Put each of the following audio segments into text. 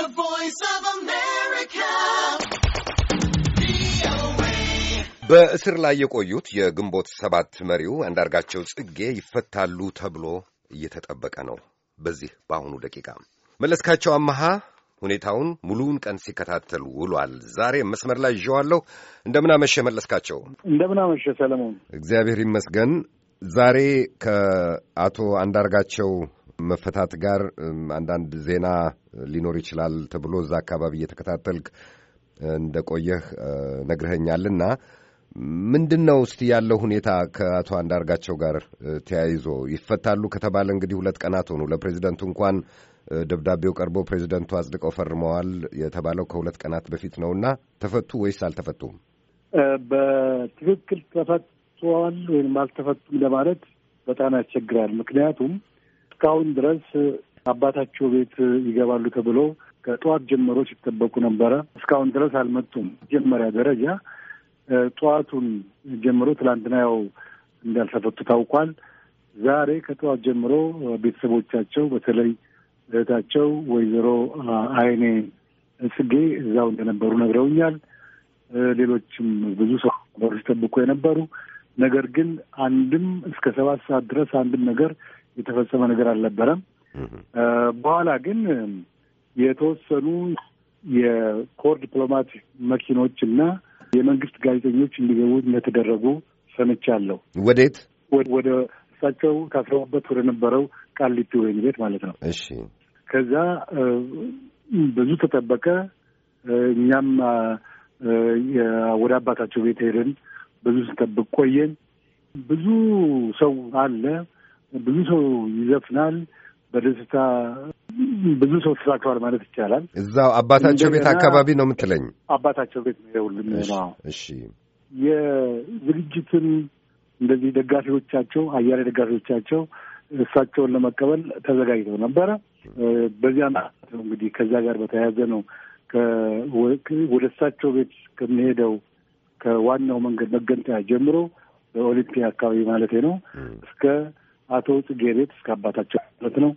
The Voice of America. በእስር ላይ የቆዩት የግንቦት ሰባት መሪው አንዳርጋቸው ጽጌ ይፈታሉ ተብሎ እየተጠበቀ ነው። በዚህ በአሁኑ ደቂቃ መለስካቸው አመሃ ሁኔታውን ሙሉውን ቀን ሲከታተል ውሏል። ዛሬ መስመር ላይ ይዤዋለሁ። እንደምናመሸ መለስካቸው። እንደምናመሸ ሰለሞን። እግዚአብሔር ይመስገን። ዛሬ ከአቶ አንዳርጋቸው መፈታት ጋር አንዳንድ ዜና ሊኖር ይችላል ተብሎ እዛ አካባቢ እየተከታተልክ እንደቆየህ ነግረኸኛልና ምንድን ነው እስቲ ያለው ሁኔታ ከአቶ አንዳርጋቸው ጋር ተያይዞ ይፈታሉ ከተባለ እንግዲህ ሁለት ቀናት ሆኑ። ለፕሬዚደንቱ እንኳን ደብዳቤው ቀርቦ ፕሬዚደንቱ አጽድቀው ፈርመዋል የተባለው ከሁለት ቀናት በፊት ነውና ተፈቱ ወይስ አልተፈቱም? በትክክል ተፈቷል ወይም አልተፈቱም ለማለት በጣም ያስቸግራል። ምክንያቱም እስካሁን ድረስ አባታቸው ቤት ይገባሉ ተብሎ ከጠዋት ጀምሮ ሲጠበቁ ነበረ። እስካሁን ድረስ አልመጡም። መጀመሪያ ደረጃ ጠዋቱን ጀምሮ ትላንትና ያው እንዳልተፈቱ ታውቋል። ዛሬ ከጠዋት ጀምሮ ቤተሰቦቻቸው በተለይ እህታቸው ወይዘሮ አይኔ ጽጌ እዛው እንደነበሩ ነግረውኛል። ሌሎችም ብዙ ሰው ሲጠብቁ የነበሩ ነገር ግን አንድም እስከ ሰባት ሰዓት ድረስ አንድም ነገር የተፈጸመ ነገር አልነበረም። በኋላ ግን የተወሰኑ የኮር ዲፕሎማት መኪኖች እና የመንግስት ጋዜጠኞች እንዲገቡ እንደተደረጉ ሰምቻለሁ። ወዴት ወደ እሳቸው ካስረቡበት ወደ ነበረው ቃሊቲ ወህኒ ቤት ማለት ነው። እሺ። ከዛ ብዙ ተጠበቀ። እኛም ወደ አባታቸው ቤት ሄደን ብዙ ስጠብቅ ቆየን። ብዙ ሰው አለ ብዙ ሰው ይዘፍናል በደስታ ብዙ ሰው ተሳክቷል ማለት ይቻላል። እዛው አባታቸው ቤት አካባቢ ነው የምትለኝ? አባታቸው ቤት ነው የሁሉም። እሺ የዝግጅትን እንደዚህ ደጋፊዎቻቸው አያሌ ደጋፊዎቻቸው እሳቸውን ለመቀበል ተዘጋጅተው ነበረ። በዚያ ነው እንግዲህ ከዚያ ጋር በተያያዘ ነው ወደ እሳቸው ቤት ከሚሄደው ከዋናው መንገድ መገንጠያ ጀምሮ በኦሊምፒያ አካባቢ ማለት ነው እስከ አቶ ጽጌ ቤት እስከ አባታቸው ማለት ነው።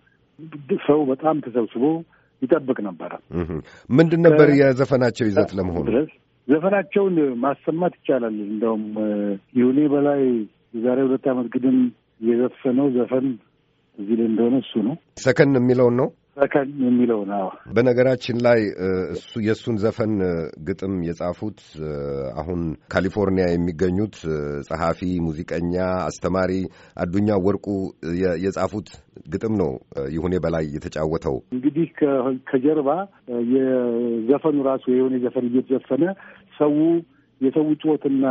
ሰው በጣም ተሰብስቦ ይጠብቅ ነበረ። ምንድን ነበር የዘፈናቸው ይዘት ለመሆኑ? ዘፈናቸውን ማሰማት ይቻላል። እንደውም ይሁኔ በላይ የዛሬ ሁለት ዓመት ግድም የዘፈነው ዘፈን እዚህ ላይ እንደሆነ እሱ ነው። ሰከን የሚለውን ነው በከን የሚለው ነው። በነገራችን ላይ እሱ የእሱን ዘፈን ግጥም የጻፉት አሁን ካሊፎርኒያ የሚገኙት ጸሐፊ፣ ሙዚቀኛ፣ አስተማሪ አዱኛ ወርቁ የጻፉት ግጥም ነው ይሁኔ በላይ የተጫወተው። እንግዲህ ከጀርባ የዘፈኑ ራሱ የሆነ ዘፈን እየተዘፈነ ሰው የሰው ጩኸትና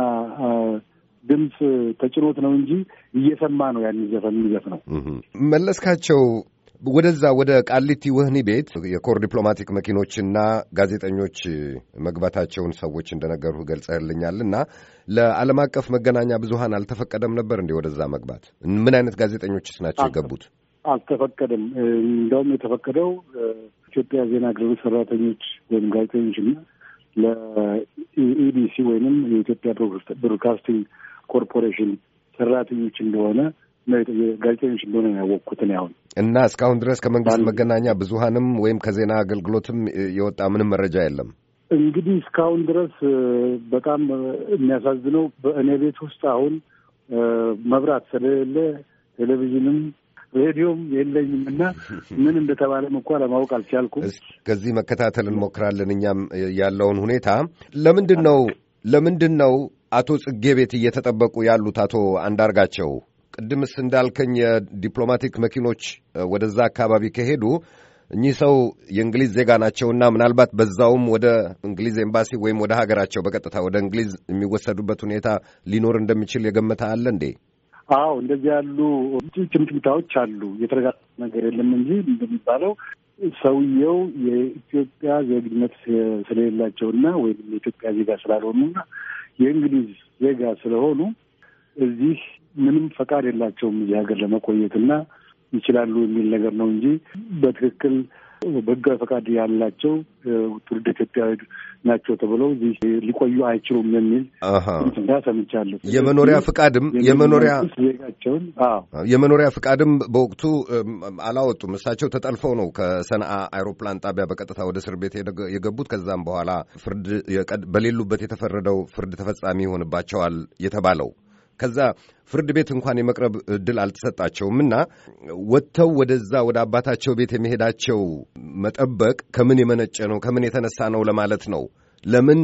ድምፅ ተጭኖት ነው እንጂ እየሰማ ነው ያን ዘፈን የሚዘፍነው መለስካቸው ወደዛ ወደ ቃሊቲ ወህኒ ቤት የኮር ዲፕሎማቲክ መኪኖችና ጋዜጠኞች መግባታቸውን ሰዎች እንደነገሩህ ገልጸህልኛልና ለዓለም አቀፍ መገናኛ ብዙሃን አልተፈቀደም ነበር እንዴ ወደዛ መግባት? ምን አይነት ጋዜጠኞችስ ናቸው የገቡት? አልተፈቀደም። እንደውም የተፈቀደው ኢትዮጵያ ዜና አቅራቢ ሰራተኞች ወይም ጋዜጠኞችና ለኢቢሲ ወይንም የኢትዮጵያ ብሮድካስቲንግ ኮርፖሬሽን ሰራተኞች እንደሆነ ጋዜጠኞች እንደሆነ ያወቅኩትን ያሁን እና እስካሁን ድረስ ከመንግስት መገናኛ ብዙሀንም ወይም ከዜና አገልግሎትም የወጣ ምንም መረጃ የለም። እንግዲህ እስካሁን ድረስ በጣም የሚያሳዝነው በእኔ ቤት ውስጥ አሁን መብራት ስለሌለ ቴሌቪዥንም ሬዲዮም የለኝም እና ምን እንደተባለም እንኳ ለማወቅ አልቻልኩም። ከዚህ መከታተል እንሞክራለን እኛም ያለውን ሁኔታ። ለምንድን ነው ለምንድን ነው አቶ ጽጌ ቤት እየተጠበቁ ያሉት አቶ አንዳርጋቸው? ቅድምስ እንዳልከኝ የዲፕሎማቲክ መኪኖች ወደዛ አካባቢ ከሄዱ እኚህ ሰው የእንግሊዝ ዜጋ ናቸውና ምናልባት በዛውም ወደ እንግሊዝ ኤምባሲ ወይም ወደ ሀገራቸው በቀጥታ ወደ እንግሊዝ የሚወሰዱበት ሁኔታ ሊኖር እንደሚችል የገመተ አለ እንዴ? አዎ እንደዚህ ያሉ ጭምጭምታዎች አሉ። የተረጋ ነገር የለም እንጂ እንደሚባለው ሰውየው የኢትዮጵያ ዜግነት ስለሌላቸውና ወይም የኢትዮጵያ ዜጋ ስላልሆኑና የእንግሊዝ ዜጋ ስለሆኑ እዚህ ምንም ፈቃድ የላቸውም እዚህ ሀገር ለመቆየት ለመቆየትና ይችላሉ የሚል ነገር ነው እንጂ በትክክል በህጋዊ ፈቃድ ያላቸው ትውልድ ኢትዮጵያዊ ናቸው ተብለው እዚህ ሊቆዩ አይችሉም የሚል እንዳ ሰምቻለሁ። የመኖሪያ ፍቃድም የመኖሪያ ዜጋቸውን የመኖሪያ ፍቃድም በወቅቱ አላወጡም። እሳቸው ተጠልፈው ነው ከሰንአ አይሮፕላን ጣቢያ በቀጥታ ወደ እስር ቤት የገቡት። ከዛም በኋላ ፍርድ በሌሉበት የተፈረደው ፍርድ ተፈጻሚ ይሆንባቸዋል የተባለው ከዛ ፍርድ ቤት እንኳን የመቅረብ እድል አልተሰጣቸውም እና ወጥተው ወደዛ ወደ አባታቸው ቤት የመሄዳቸው መጠበቅ ከምን የመነጨ ነው? ከምን የተነሳ ነው ለማለት ነው። ለምን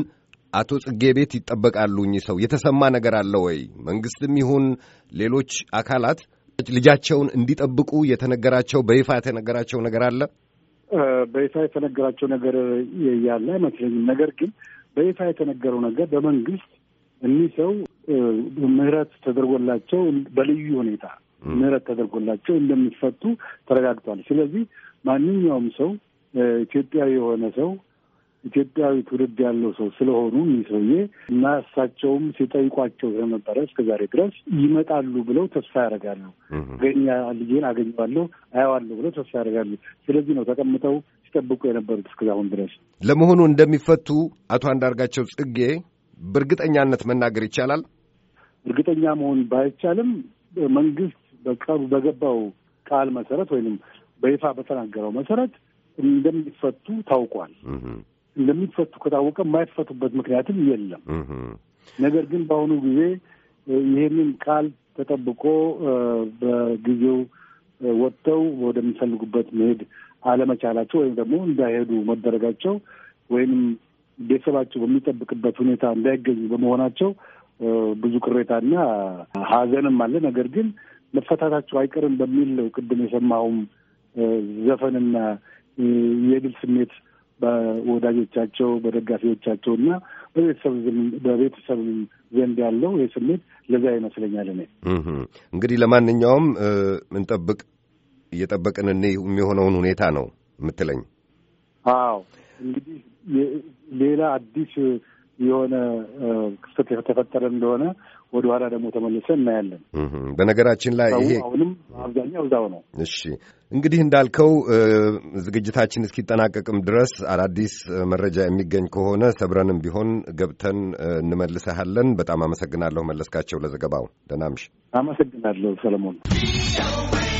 አቶ ጽጌ ቤት ይጠበቃሉ? እኚህ ሰው የተሰማ ነገር አለ ወይ? መንግስትም ይሁን ሌሎች አካላት ልጃቸውን እንዲጠብቁ የተነገራቸው በይፋ የተነገራቸው ነገር አለ? በይፋ የተነገራቸው ነገር ያለ አይመስለኝም። ነገር ግን በይፋ የተነገረው ነገር በመንግስት እኒህ ሰው ምህረት ተደርጎላቸው በልዩ ሁኔታ ምህረት ተደርጎላቸው እንደሚፈቱ ተረጋግጧል። ስለዚህ ማንኛውም ሰው ኢትዮጵያዊ የሆነ ሰው ኢትዮጵያዊ ትውልድ ያለው ሰው ስለሆኑ ሰውዬ እና እሳቸውም ሲጠይቋቸው ስለነበረ እስከ ዛሬ ድረስ ይመጣሉ ብለው ተስፋ ያደርጋሉ። ገኛ ልጄን አገኘዋለሁ አየዋለሁ ብለው ተስፋ ያደርጋሉ። ስለዚህ ነው ተቀምጠው ሲጠብቁ የነበሩት እስከዛሁን ድረስ። ለመሆኑ እንደሚፈቱ አቶ አንዳርጋቸው ጽጌ በእርግጠኛነት መናገር ይቻላል? እርግጠኛ መሆን ባይቻልም መንግስት በቅርቡ በገባው ቃል መሰረት ወይም በይፋ በተናገረው መሰረት እንደሚፈቱ ታውቋል። እንደሚፈቱ ከታወቀ የማይፈቱበት ምክንያትም የለም። ነገር ግን በአሁኑ ጊዜ ይህንን ቃል ተጠብቆ በጊዜው ወጥተው ወደሚፈልጉበት መሄድ አለመቻላቸው ወይም ደግሞ እንዳይሄዱ መደረጋቸው ወይም ቤተሰባቸው በሚጠብቅበት ሁኔታ እንዳይገኙ በመሆናቸው ብዙ ቅሬታና ሀዘንም አለ። ነገር ግን መፈታታቸው አይቀርም በሚል ቅድም የሰማሁም ዘፈንና የድል ስሜት በወዳጆቻቸው በደጋፊዎቻቸው እና በቤተሰብ ዘንድ ያለው ይህ ስሜት ለዛ ይመስለኛል። እኔ እንግዲህ ለማንኛውም እንጠብቅ እየጠበቅን የሚሆነውን ሁኔታ ነው የምትለኝ? አዎ እንግዲህ ሌላ አዲስ የሆነ ክስተት የተፈጠረ እንደሆነ ወደ ኋላ ደግሞ ተመልሰ እናያለን። በነገራችን ላይ ይሄ አሁንም አብዛኛው እዛው ነው። እሺ እንግዲህ እንዳልከው ዝግጅታችን እስኪጠናቀቅም ድረስ አዳዲስ መረጃ የሚገኝ ከሆነ ሰብረንም ቢሆን ገብተን እንመልሰሃለን። በጣም አመሰግናለሁ መለስካቸው ለዘገባው። ደህና አመሰግናለሁ ሰለሞን።